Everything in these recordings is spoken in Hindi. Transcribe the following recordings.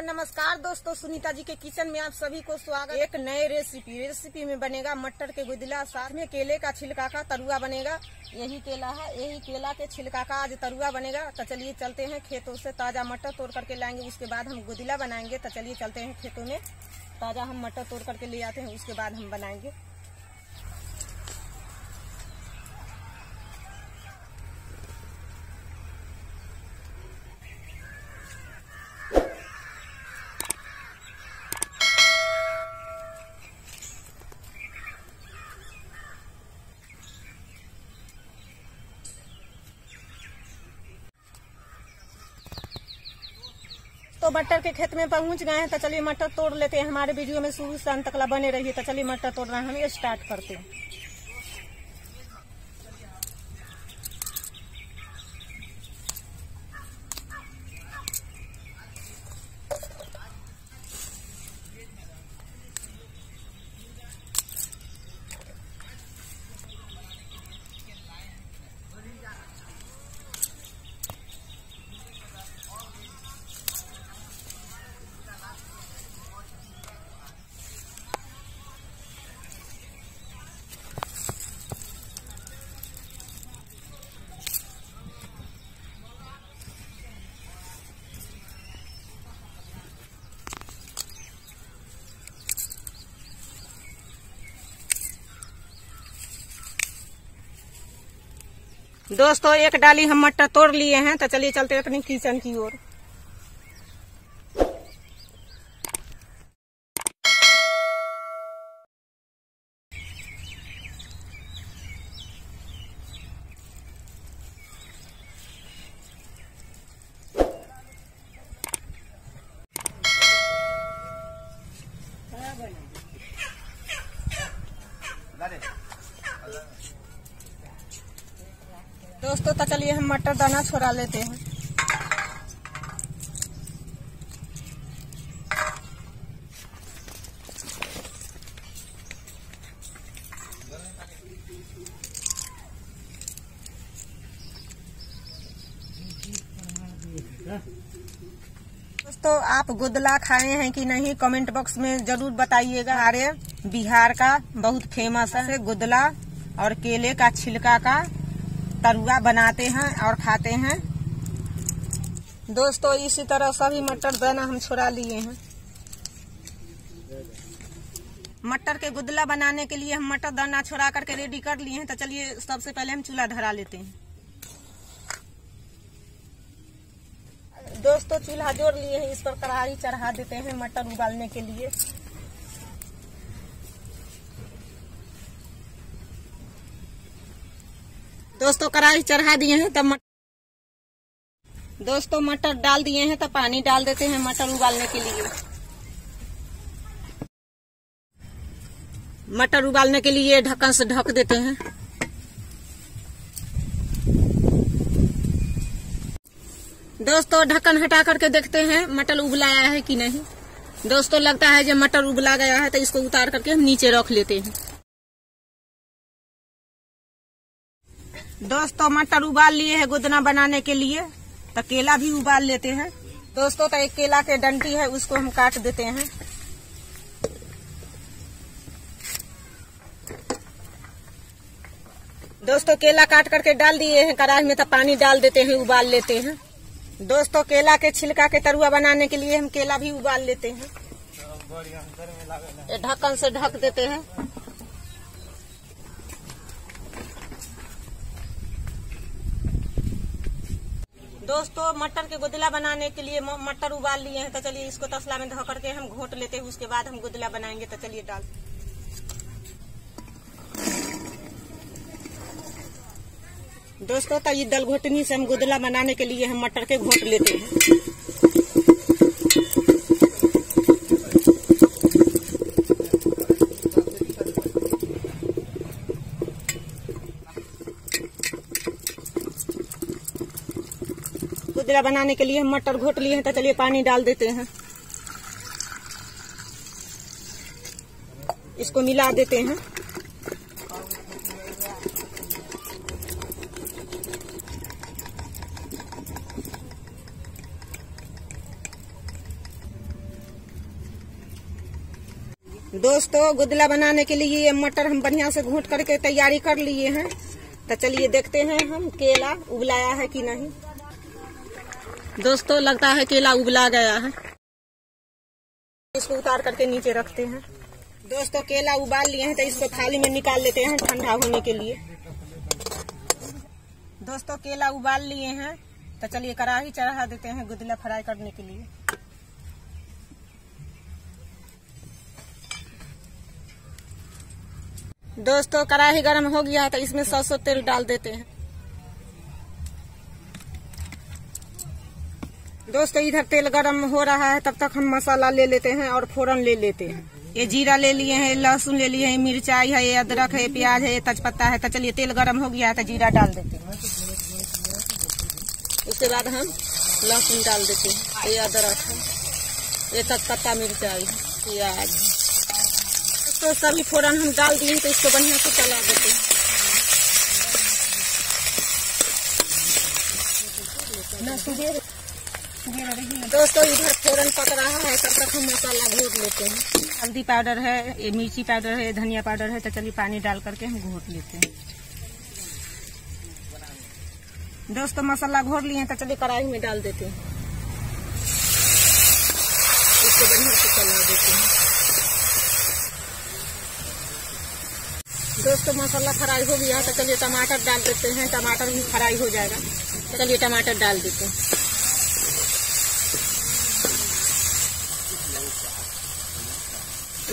नमस्कार दोस्तों सुनीता जी के किचन में आप सभी को स्वागत एक नए रेसिपी रेसिपी में बनेगा मटर के गुदला साथ में केले का छिलका का तरुआ बनेगा यही केला है यही केला के छिलका का आज तरुआ बनेगा तो चलिए चलते हैं खेतों से ताजा मटर तोड़ करके लाएंगे उसके बाद हम गुदला बनाएंगे तो चलिए चलते हैं खेतों में ताजा हम मटर तोड़ करके ले आते हैं उसके बाद हम बनाएंगे मटर के खेत में पहुंच गए हैं तो चलिए मटर तोड़ लेते हैं हमारे वीडियो में शुरू से अंत तकला बने रहिए तो चलिए मटर तोड़ रहे हैं हम ये स्टार्ट करते हैं दोस्तों एक डाली हम मट्टा तोड़ लिए हैं तो चलिए चलते अपनी किचन की ओर दोस्तों तो चलिए हम मटर दाना छोड़ा लेते हैं दोस्तों आप गुदला खाए हैं कि नहीं कमेंट बॉक्स में जरूर बताइएगा अरे बिहार का बहुत फेमस है गुदला और केले का छिलका का तरुआ बनाते हैं और खाते हैं दोस्तों इसी तरह सभी मटर दाना हम छोड़ा लिए हैं मटर के गुदला बनाने के लिए हम मटर दाना छोड़ा करके रेडी कर लिए हैं तो चलिए सबसे पहले हम चूल्हा धरा लेते हैं दोस्तों चूल्हा जोड़ लिए हैं इस पर कढ़ाई चढ़ा देते हैं मटर उबालने के लिए दोस्तों कढ़ाई चढ़ा दिए हैं तब मटर दोस्तों मटर डाल दिए हैं तो पानी डाल देते हैं मटर उबालने के लिए मटर उबालने के लिए ढक्कन से ढक देते हैं दोस्तों ढक्कन हटा करके देखते हैं मटर उबलाया है कि नहीं दोस्तों लगता है जब मटर उबला गया है तो इसको उतार करके हम नीचे रख लेते हैं दोस्तों मटर उबाल लिए है गुदना बनाने के लिए तो केला भी उबाल लेते हैं दोस्तों तो एक केला के डंडी है उसको हम काट देते हैं दोस्तों केला काट करके डाल दिए हैं कढ़ाई में तो पानी डाल देते हैं उबाल लेते हैं दोस्तों केला के छिलका के तरुआ बनाने के लिए हम केला भी उबाल लेते हैं ढक्कन से ढक देते हैं दोस्तों मटर के गुदला बनाने के लिए मटर उबाल लिए हैं तो चलिए इसको तसला में धो करके हम घोट लेते हैं उसके बाद हम गुदला बनाएंगे तो चलिए डाल दोस्तों तो ये दल घोटनी से हम गुदला बनाने के लिए हम मटर के घोट लेते हैं तेरा बनाने के लिए हम मटर घोट लिए हैं तो चलिए पानी डाल देते हैं इसको मिला देते हैं दोस्तों गुदला बनाने के लिए ये मटर हम बढ़िया से घूट करके तैयारी कर लिए हैं तो चलिए देखते हैं हम केला उबलाया है कि नहीं दोस्तों लगता है केला उबला गया है इसको उतार करके नीचे रखते हैं दोस्तों केला उबाल लिए हैं तो इसको थाली में निकाल लेते हैं ठंडा होने के लिए दोस्तों केला उबाल लिए हैं तो चलिए कड़ाही चढ़ा देते हैं गुदला फ्राई करने के लिए दोस्तों कड़ाही गर्म हो गया तो इसमें सरसों तेल डाल देते हैं दोस्तों इधर तेल गर्म हो रहा है तब तक हम मसाला ले लेते हैं और फोरन ले लेते हैं ये जीरा ले लिए है लहसुन ले लिए हैं मिर्चाई है अदरक है प्याज है तेजपत्ता है तो चलिए तेल गरम हो गया है तो जीरा डाल देते हैं उसके बाद हम लहसुन डाल देते हैं ये अदरक है ये तेजपत्ता मिर्चाई प्याज तो सभी फोरन हम डाल दिए तो इसको बढ़िया से चला देते हैं ना सुबह दोस्तों इधर फोरन पक रहा है तब तक हम मसाला घोट लेते हैं हल्दी पाउडर है ये मिर्ची पाउडर है धनिया पाउडर है तो चलिए पानी डाल करके हम घोट लेते हैं दोस्तों मसाला घोट लिए तो चलिए कढ़ाई में डाल देते हैं इसको बढ़िया से चला देते हैं दोस्तों मसाला फ्राई हो गया तो चलिए टमाटर डाल देते हैं टमाटर भी फ्राई हो जाएगा तो चलिए टमाटर डाल देते हैं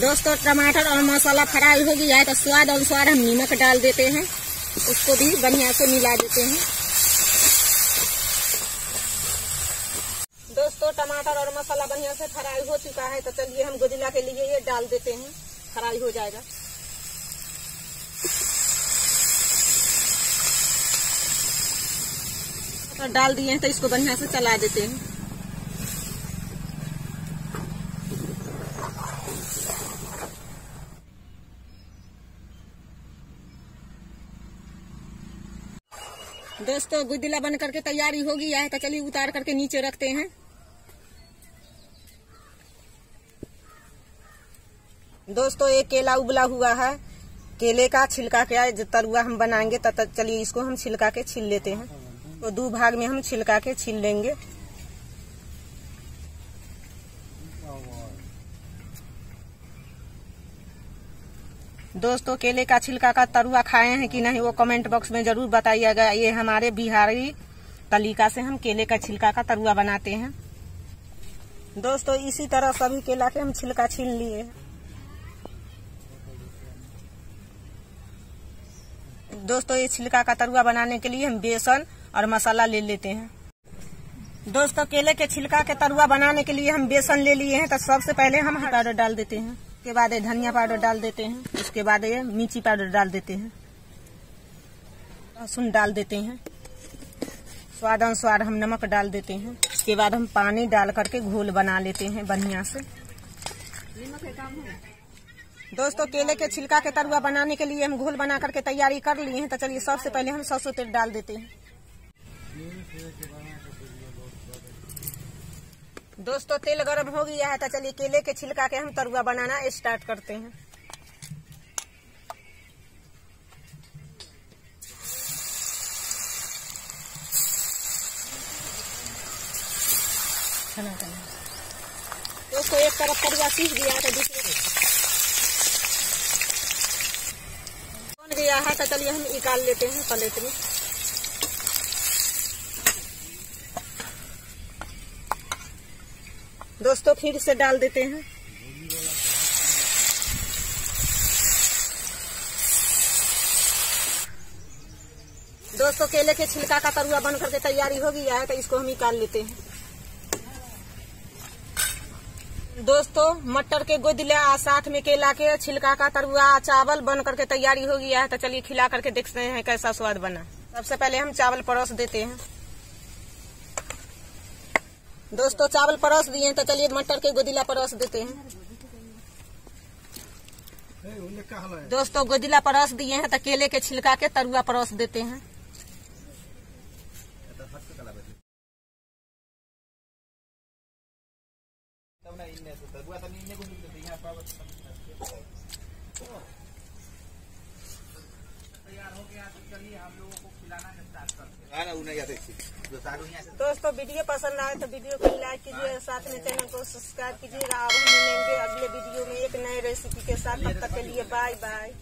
दोस्तों टमाटर और मसाला फ्राई हो गया है तो स्वाद अनुसार हम नमक डाल देते हैं उसको भी बढ़िया से मिला देते हैं दोस्तों टमाटर और मसाला बढ़िया से फ्राई हो चुका है तो चलिए हम गुजिला के लिए ये डाल देते हैं फ्राई हो जाएगा तो डाल दिए हैं तो इसको बढ़िया से चला देते हैं दोस्तों गुदला बन करके तैयारी हो गया है तो चलिए उतार करके नीचे रखते हैं दोस्तों एक केला उबला हुआ है केले का छिलका क्या जो तरुआ हम बनाएंगे तब चलिए इसको हम छिलका के छील लेते हैं तो दो भाग में हम छिलका के छील लेंगे दोस्तों केले का छिलका का तरुआ खाए हैं कि नहीं वो कमेंट बॉक्स में जरूर बताइएगा ये हमारे बिहारी तलीका से हम केले का छिलका का तरुआ बनाते हैं दोस्तों इसी तरह सभी केला के हम छिलका छीन लिए दोस्तों ये छिलका का तरुआ बनाने के लिए हम बेसन और मसाला ले लेते हैं दोस्तों केले के छिलका के तरुआ बनाने के लिए हम बेसन ले लिए हैं तो सबसे पहले हम हरा डाल देते हैं उसके बाद ये धनिया पाउडर डाल देते हैं उसके बाद ये मिर्ची पाउडर डाल देते हैं लहसुन डाल देते हैं स्वाद अनुसार हम नमक डाल देते हैं उसके बाद हम पानी डाल करके घोल बना लेते हैं बढ़िया से दोस्तों केले के छिलका के तरुआ बनाने के लिए हम घोल बना करके तैयारी कर लिए हैं तो चलिए सबसे पहले हम सरसों तेल डाल देते हैं दोस्तों तेल गर्म हो गया है तो चलिए केले के छिलका के हम तरुआ बनाना स्टार्ट करते हैं दोस्तों एक तरफ तरुआ सीख गया है तो दूसरे बन गया है तो चलिए हम निकाल लेते हैं प्लेट में दोस्तों फिर से डाल देते हैं दोस्तों केले के छिलका का तरुआ बन करके तैयारी हो गया है तो इसको हम निकाल लेते हैं दोस्तों मटर के गोदिला साथ में केला के छिलका का तरुआ चावल बन करके तैयारी हो गया है तो चलिए खिला करके देखते हैं कैसा स्वाद बना सबसे पहले हम चावल परोस देते हैं दोस्तों चावल परोस दिए तो चलिए मटर के गोदिला परोस देते हैं दोस्तों गोदिला परोस दिए हैं तो केले के छिलका के तरुआ परोस देते हैं तैयार हो गया तो चलिए हम लोगों को खिलाना स्टार्ट करते दोस्तों वीडियो पसंद आए तो वीडियो को लाइक कीजिए साथ में चैनल को सब्सक्राइब कीजिए अब हम मिलेंगे अगले वीडियो में एक नए रेसिपी के साथ तब तक के लिए बाय बाय